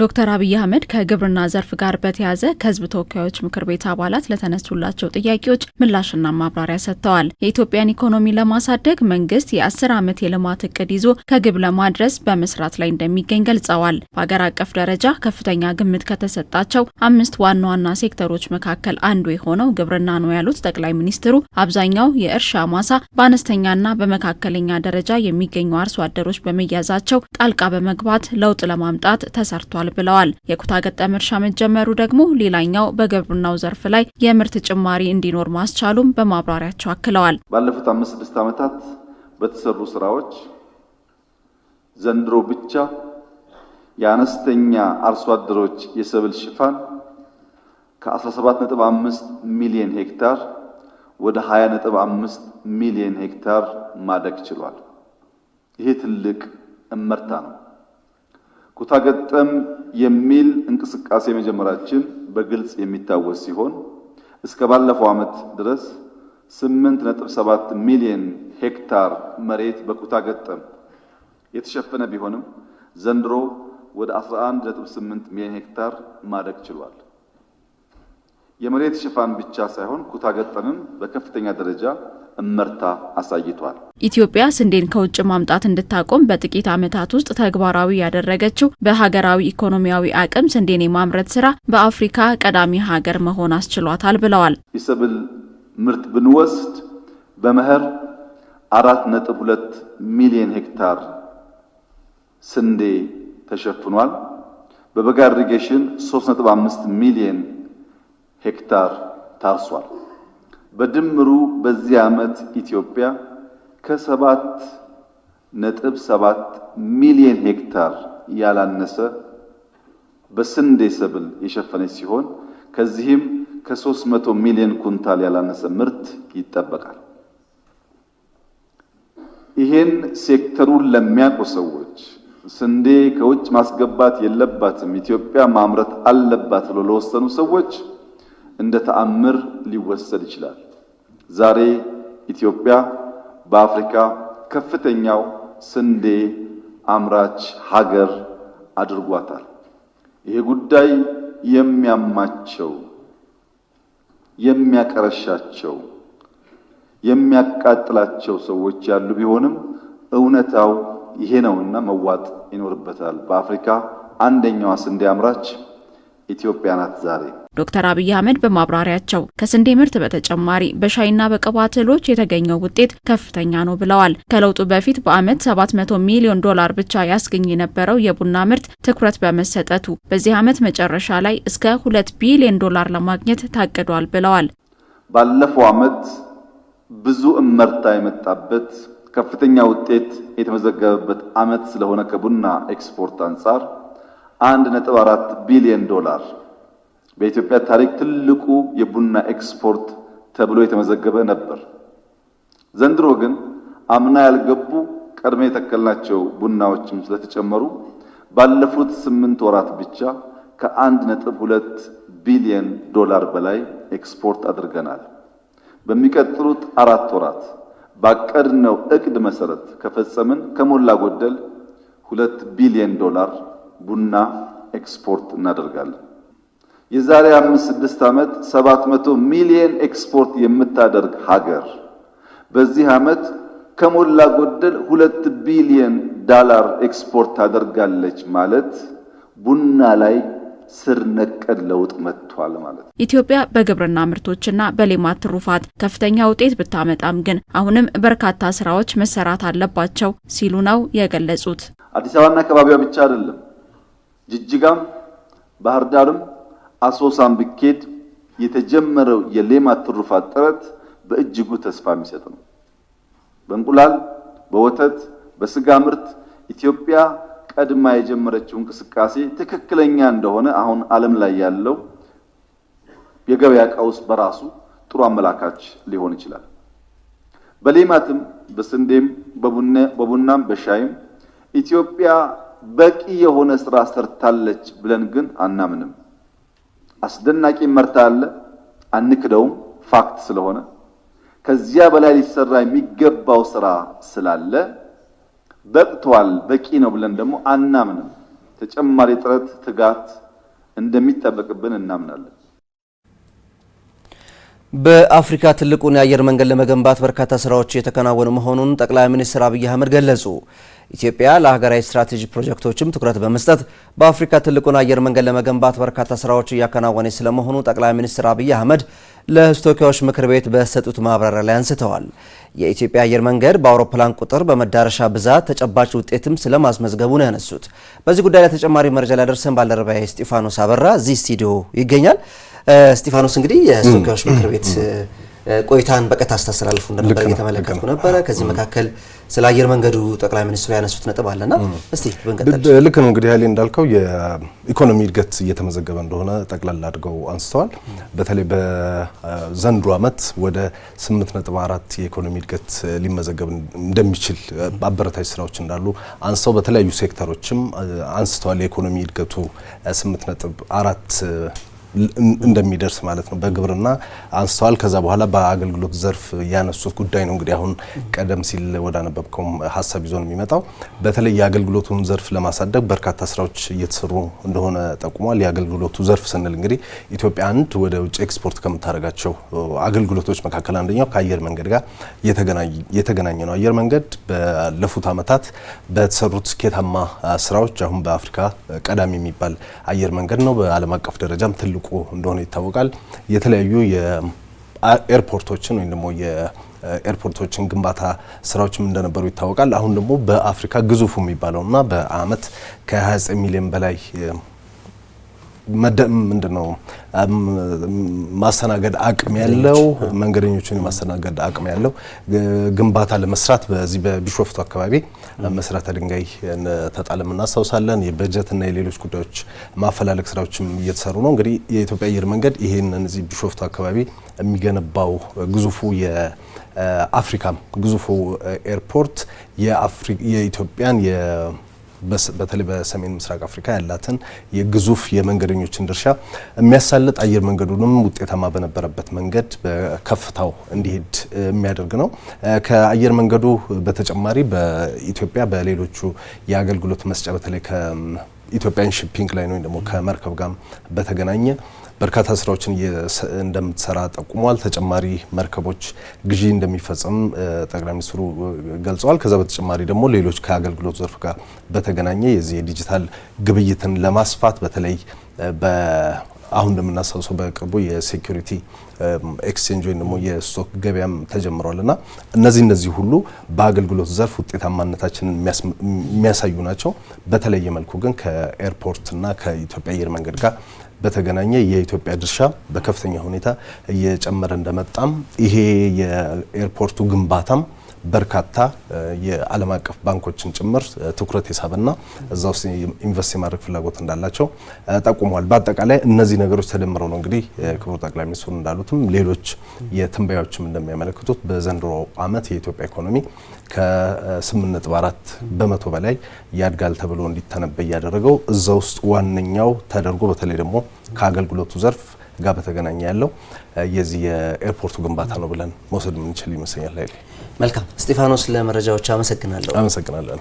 ዶክተር አብይ አህመድ ከግብርና ዘርፍ ጋር በተያያዘ ከህዝብ ተወካዮች ምክር ቤት አባላት ለተነሱላቸው ጥያቄዎች ምላሽና ማብራሪያ ሰጥተዋል። የኢትዮጵያን ኢኮኖሚ ለማሳደግ መንግስት የአስር ዓመት የልማት እቅድ ይዞ ከግብ ለማድረስ በመስራት ላይ እንደሚገኝ ገልጸዋል። በአገር አቀፍ ደረጃ ከፍተኛ ግምት ከተሰጣቸው አምስት ዋና ዋና ሴክተሮች መካከል አንዱ የሆነው ግብርና ነው ያሉት ጠቅላይ ሚኒስትሩ አብዛኛው የእርሻ ማሳ በአነስተኛና በመካከለኛ ደረጃ የሚገኙ አርሶ አደሮች በመያዛቸው ጣልቃ በመግባት ለውጥ ለማምጣት ተሰርቷል ተደርሷል ብለዋል። የኩታ ገጠም እርሻ መጀመሩ ደግሞ ሌላኛው በግብርናው ዘርፍ ላይ የምርት ጭማሪ እንዲኖር ማስቻሉም በማብራሪያቸው አክለዋል። ባለፉት አምስት ስድስት ዓመታት በተሰሩ ስራዎች ዘንድሮ ብቻ የአነስተኛ አርሶ አደሮች የሰብል ሽፋን ከ17.5 ሚሊዮን ሄክታር ወደ 20.5 ሚሊዮን ሄክታር ማደግ ችሏል። ይሄ ትልቅ እመርታ ነው። ኩታገጠም የሚል እንቅስቃሴ መጀመራችን በግልጽ የሚታወስ ሲሆን እስከ ባለፈው ዓመት ድረስ 8.7 ሚሊዮን ሄክታር መሬት በኩታ ገጠም የተሸፈነ ቢሆንም ዘንድሮ ወደ 11.8 ሚሊዮን ሄክታር ማደግ ችሏል። የመሬት ሽፋን ብቻ ሳይሆን ኩታ ገጠምም በከፍተኛ ደረጃ እመርታ አሳይቷል። ኢትዮጵያ ስንዴን ከውጭ ማምጣት እንድታቆም በጥቂት ዓመታት ውስጥ ተግባራዊ ያደረገችው በሀገራዊ ኢኮኖሚያዊ አቅም ስንዴን የማምረት ስራ በአፍሪካ ቀዳሚ ሀገር መሆን አስችሏታል ብለዋል። የሰብል ምርት ብንወስድ በመኸር አራት ነጥብ ሁለት ሚሊዮን ሄክታር ስንዴ ተሸፍኗል። በበጋ ሪጌሽን ሶስት ነጥብ አምስት ሚሊዮን ሄክታር ታርሷል። በድምሩ በዚህ ዓመት ኢትዮጵያ ከሰባት ነጥብ ሰባት ሚሊዮን ሄክታር ያላነሰ በስንዴ ሰብል የሸፈነች ሲሆን ከዚህም ከ300 ሚሊዮን ኩንታል ያላነሰ ምርት ይጠበቃል። ይሄን ሴክተሩን ለሚያውቁ ሰዎች ስንዴ ከውጭ ማስገባት የለባትም ኢትዮጵያ ማምረት አለባት ብሎ ለወሰኑ ሰዎች እንደ ተአምር ሊወሰድ ይችላል። ዛሬ ኢትዮጵያ በአፍሪካ ከፍተኛው ስንዴ አምራች ሀገር አድርጓታል። ይሄ ጉዳይ የሚያማቸው የሚያቀረሻቸው የሚያቃጥላቸው ሰዎች ያሉ ቢሆንም እውነታው ይሄ ነውና መዋጥ ይኖርበታል። በአፍሪካ አንደኛዋ ስንዴ አምራች ኢትዮጵያ ናት ዛሬ። ዶክተር አብይ አህመድ በማብራሪያቸው ከስንዴ ምርት በተጨማሪ በሻይና በቅባት እህሎች የተገኘው ውጤት ከፍተኛ ነው ብለዋል። ከለውጡ በፊት በዓመት 700 ሚሊዮን ዶላር ብቻ ያስገኝ የነበረው የቡና ምርት ትኩረት በመሰጠቱ በዚህ ዓመት መጨረሻ ላይ እስከ 2 ቢሊዮን ዶላር ለማግኘት ታቅዷል ብለዋል። ባለፈው ዓመት ብዙ እመርታ የመጣበት ከፍተኛ ውጤት የተመዘገበበት ዓመት ስለሆነ ከቡና ኤክስፖርት አንጻር አንድ ነጥብ አራት ቢሊዮን ዶላር በኢትዮጵያ ታሪክ ትልቁ የቡና ኤክስፖርት ተብሎ የተመዘገበ ነበር። ዘንድሮ ግን አምና ያልገቡ ቀድሜ የተከልናቸው ቡናዎችም ስለተጨመሩ ባለፉት ስምንት ወራት ብቻ ከአንድ ነጥብ ሁለት ቢሊዮን ዶላር በላይ ኤክስፖርት አድርገናል። በሚቀጥሉት አራት ወራት ባቀድነው እቅድ መሰረት ከፈጸምን ከሞላ ጎደል ሁለት ቢሊዮን ዶላር ቡና ኤክስፖርት እናደርጋለን። የዛሬ አምስት ስድስት ዓመት ሰባት መቶ ሚሊየን ኤክስፖርት የምታደርግ ሀገር በዚህ ዓመት ከሞላ ጎደል ሁለት ቢሊየን ዳላር ኤክስፖርት ታደርጋለች ማለት ቡና ላይ ስር ነቀል ለውጥ መጥቷል ማለት ነው። ኢትዮጵያ በግብርና ምርቶችና በሌማት ትሩፋት ከፍተኛ ውጤት ብታመጣም ግን አሁንም በርካታ ስራዎች መሰራት አለባቸው ሲሉ ነው የገለጹት። አዲስ አበባና አካባቢዋ ብቻ አይደለም ጅጅጋም፣ ባህር ዳርም አሶሳም ብኬድ የተጀመረው የሌማት ትሩፋት ጥረት በእጅጉ ተስፋ የሚሰጥ ነው። በእንቁላል፣ በወተት፣ በስጋ ምርት ኢትዮጵያ ቀድማ የጀመረችው እንቅስቃሴ ትክክለኛ እንደሆነ አሁን ዓለም ላይ ያለው የገበያ ቀውስ በራሱ ጥሩ አመላካች ሊሆን ይችላል። በሌማትም፣ በስንዴም፣ በቡናም፣ በሻይም ኢትዮጵያ በቂ የሆነ ስራ ሰርታለች ብለን ግን አናምንም። አስደናቂ መርታ አለ፣ አንክደውም፣ ፋክት ስለሆነ ከዚያ በላይ ሊሰራ የሚገባው ስራ ስላለ በቅቷል፣ በቂ ነው ብለን ደግሞ አናምንም። ተጨማሪ ጥረት፣ ትጋት እንደሚጠበቅብን እናምናለን። በአፍሪካ ትልቁን የአየር መንገድ ለመገንባት በርካታ ስራዎች የተከናወኑ መሆኑን ጠቅላይ ሚኒስትር አብይ አህመድ ገለጹ። ኢትዮጵያ ለሀገራዊ ስትራቴጂ ፕሮጀክቶችም ትኩረት በመስጠት በአፍሪካ ትልቁን አየር መንገድ ለመገንባት በርካታ ስራዎች እያከናወነች ስለመሆኑ ጠቅላይ ሚኒስትር አብይ አህመድ ለሕዝብ ተወካዮች ምክር ቤት በሰጡት ማብራሪያ ላይ አንስተዋል። የኢትዮጵያ አየር መንገድ በአውሮፕላን ቁጥር፣ በመዳረሻ ብዛት ተጨባጭ ውጤትም ስለማስመዝገቡ ነው ያነሱት። በዚህ ጉዳይ ላይ ተጨማሪ መረጃ ላደርሰን ባልደረባዬ እስጢፋኖስ አበራ እዚህ ስቱዲዮ ይገኛል። ስጢፋኖስ እንግዲህ የተወካዮች ምክር ቤት ቆይታን በቀጥታ ስታስተላልፉ እንደነበረ እየተመለከትኩ ነበረ። ከዚህ መካከል ስለ አየር መንገዱ ጠቅላይ ሚኒስትሩ ያነሱት ነጥብ አለና እስቲ ብንቀጥል። ልክ ነው እንግዲህ ኃይሌ እንዳልከው የኢኮኖሚ እድገት እየተመዘገበ እንደሆነ ጠቅላላ አድርገው አንስተዋል። በተለይ በዘንድሮ ዓመት ወደ 8.4 የኢኮኖሚ እድገት ሊመዘገብ እንደሚችል አበረታች ስራዎች እንዳሉ አንስተው በተለያዩ ሴክተሮችም አንስተዋል። የኢኮኖሚ እድገቱ 8.4 እንደሚደርስ ማለት ነው በግብርና አንስተዋል። ከዛ በኋላ በአገልግሎት ዘርፍ ያነሱት ጉዳይ ነው እንግዲህ አሁን ቀደም ሲል ወዳነበብከውም ሀሳብ ይዞ ነው የሚመጣው። በተለይ የአገልግሎቱን ዘርፍ ለማሳደግ በርካታ ስራዎች እየተሰሩ እንደሆነ ጠቁሟል። የአገልግሎቱ ዘርፍ ስንል እንግዲህ ኢትዮጵያ አንድ ወደ ውጭ ኤክስፖርት ከምታደርጋቸው አገልግሎቶች መካከል አንደኛው ከአየር መንገድ ጋር የተገናኘ ነው። አየር መንገድ ባለፉት ዓመታት በተሰሩት ስኬታማ ስራዎች አሁን በአፍሪካ ቀዳሚ የሚባል አየር መንገድ ነው። በዓለም አቀፍ ደረጃም ትልቁ ትልቁ እንደሆነ ይታወቃል። የተለያዩ የኤርፖርቶችን ወይም ደግሞ የኤርፖርቶችን ግንባታ ስራዎችም እንደነበሩ ይታወቃል። አሁን ደግሞ በአፍሪካ ግዙፉ የሚባለውና በአመት ከ29 ሚሊዮን በላይ ምንድን ነው ማስተናገድ አቅም ያለው መንገደኞችን የማስተናገድ አቅም ያለው ግንባታ ለመስራት በዚህ በቢሾፍቱ አካባቢ መሰረተ ድንጋይ ተጣለም እናስታውሳለን። የበጀትና የሌሎች ጉዳዮች ማፈላለግ ስራዎችም እየተሰሩ ነው። እንግዲህ የኢትዮጵያ አየር መንገድ ይህን እዚህ ቢሾፍቱ አካባቢ የሚገነባው ግዙፉ የአፍሪካ ግዙፉ ኤርፖርት የኢትዮጵያን በተለይ በሰሜን ምስራቅ አፍሪካ ያላትን የግዙፍ የመንገደኞችን ድርሻ የሚያሳልጥ አየር መንገዱንም ውጤታማ በነበረበት መንገድ በከፍታው እንዲሄድ የሚያደርግ ነው። ከአየር መንገዱ በተጨማሪ በኢትዮጵያ በሌሎቹ የአገልግሎት መስጫ በተለይ ኢትዮጵያን ሺፒንግ ላይ ወይም ደግሞ ከመርከብ ጋር በተገናኘ በርካታ ስራዎችን እንደምትሰራ ጠቁሟል። ተጨማሪ መርከቦች ግዢ እንደሚፈጸም ጠቅላይ ሚኒስትሩ ገልጸዋል። ከዛ በተጨማሪ ደግሞ ሌሎች ከአገልግሎት ዘርፍ ጋር በተገናኘ የዚህ የዲጂታል ግብይትን ለማስፋት በተለይ አሁን እንደምናስታውሰው በቅርቡ የሴኩሪቲ ኤክስቼንጅ ወይም ደግሞ የስቶክ ገበያም ተጀምሯል እና እነዚህ እነዚህ ሁሉ በአገልግሎት ዘርፍ ውጤታማነታችንን የሚያሳዩ ናቸው። በተለየ መልኩ ግን ከኤርፖርትና ከኢትዮጵያ አየር መንገድ ጋር በተገናኘ የኢትዮጵያ ድርሻ በከፍተኛ ሁኔታ እየጨመረ እንደመጣም ይሄ የኤርፖርቱ ግንባታም በርካታ የዓለም አቀፍ ባንኮችን ጭምር ትኩረት የሳበና እዛ ውስጥ ኢንቨስት የማድረግ ፍላጎት እንዳላቸው ጠቁመዋል። በአጠቃላይ እነዚህ ነገሮች ተደምረው ነው እንግዲህ ክቡር ጠቅላይ ሚኒስትሩ እንዳሉትም ሌሎች የትንበያዎችም እንደሚያመለክቱት በዘንድሮ ዓመት የኢትዮጵያ ኢኮኖሚ 8 ነጥብ 4 በመቶ በላይ ያድጋል ተብሎ እንዲተነበይ ያደረገው እዛ ውስጥ ዋነኛው ተደርጎ በተለይ ደግሞ ከአገልግሎቱ ዘርፍ ጋር በተገናኘ ያለው የዚህ የኤርፖርቱ ግንባታ ነው ብለን መውሰድ የምንችል ይመስለኛል። መልካም እስጢፋኖስ፣ ለመረጃዎች አመሰግናለሁ። አመሰግናለሁ።